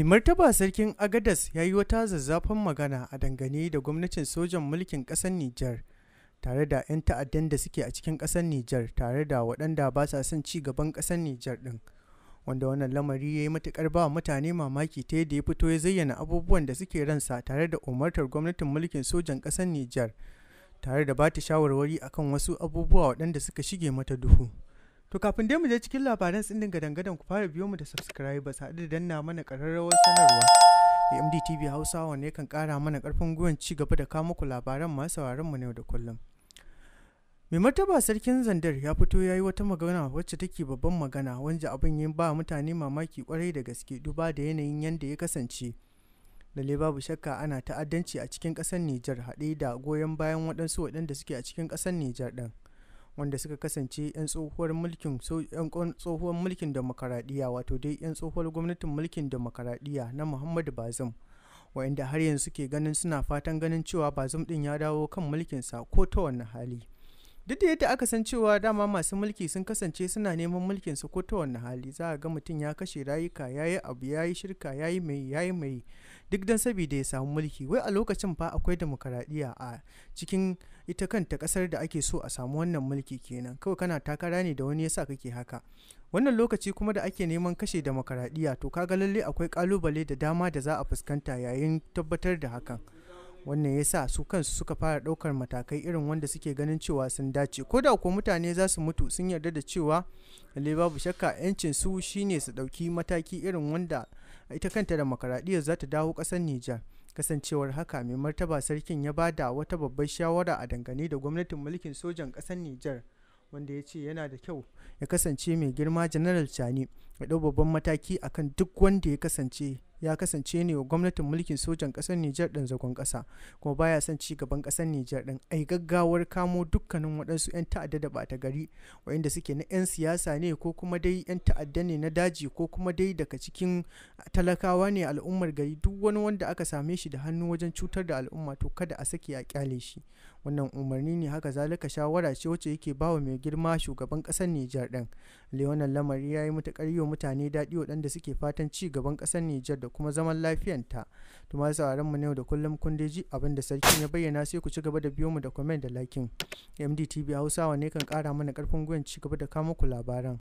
Mai martaba sarkin Agadas ya yi wata zazzafan magana a dangane da gwamnatin sojan mulkin ƙasar Nijar tare da 'yan ta'addan da suke a cikin ƙasar Nijar tare da waɗanda ba sa son ci gaban ƙasar Nijar ɗin. Wanda wannan lamari ya yi matuƙar ba mutane mamaki ta yadda ya fito ya zayyana abubuwan da suke ransa tare da umartar gwamnatin mulkin sojan ƙasar Nijar tare da ba ta shawarwari akan wasu abubuwa waɗanda suka shige mata duhu. To kafin dai mu je cikin labaran tsindin gadan-gadan ku fara biyo mu da subscribers haɗu da danna mana ƙararrawar sanarwa. MDTV Hausa wanne kan ƙara mana ƙarfin gwiwan ci gaba da kawo muku labaran masu sauraron mu yau da kullum. Mai martaba sarkin Zandar ya fito ya yi wata magana wacce take babban magana wanda abin ya ba mutane mamaki kwarai da gaske duba da yanayin yadda ya kasance. Lalle babu shakka ana ta'addanci a cikin ƙasar Nijar haɗe da goyon bayan waɗansu waɗanda suke a cikin ƙasar Nijar ɗin. wanda suka kasance 'yan tsohuwar mulkin tsohuwar mulkin demokaradiyya wato dai 'yan tsohuwar gwamnatin mulkin demokaradiyya na muhammadu bazum wa'inda har yanzu suke ganin suna fatan ganin cewa bazum din ya dawo kan mulkinsa ko ta wani hali duk da yadda aka san cewa dama masu mulki sun kasance suna neman mulkin su ko ta wani hali za a ga mutum ya kashe rayuka ya yi abu ya yi shirka ya yi mai ya yi mai duk don saboda ya samu mulki wai a lokacin fa akwai demokaradiyya a cikin ita kanta kasar da ake so a samu wannan mulki kenan kawai kana takara ne da wani yasa kake haka wannan lokaci kuma da ake neman kashe demokaradiyya to kaga lalle akwai kalubale da dama da za a fuskanta yayin tabbatar da hakan wannan ya sa su kansu suka fara ɗaukar matakai irin wanda suke ganin cewa sun dace ko da kuwa mutane za su mutu sun yarda da cewa lalle babu shakka yancin su shine su ɗauki mataki irin wanda ita kanta makaradiya za ta dawo ƙasar nijar kasancewar haka mai martaba sarkin ya bada wata babbar shawara a dangane da gwamnatin mulkin sojan kasar nijar wanda ya ce yana da kyau ya kasance mai girma general cani ya ɗau babban mataki akan duk wanda ya kasance ya kasance ne wa gwamnatin mulkin sojan ƙasar Nijar ɗin zagon kasa kuma baya son ci gaban ƙasar Nijar ɗin ai gaggawar kamo dukkanin waɗansu 'yan ta'adda da ɓata gari waɗanda suke na 'yan siyasa ne ko kuma dai 'yan ta'adda ne na daji ko kuma dai daga cikin talakawa ne al'ummar gari duk wani wanda aka same shi da hannu wajen cutar da al'umma to kada a sake a kyale shi wannan umarni ne haka zalika shawara ce wacce yake bawa mai girma shugaban ƙasar Nijar ɗin Leonel Lamari ya yi matuƙar yi wa mutane daɗi waɗanda suke fatan ci gaban ƙasar Nijar da kuma zaman lafiyanta to ma sauraron mu ne da kullum kun ji abin da sarkin ya bayyana sai ku ci gaba da biyo mu da comment da liking MDTV Hausawa ne kan kara mana karfin gwiwa ci gaba da kawo muku labaran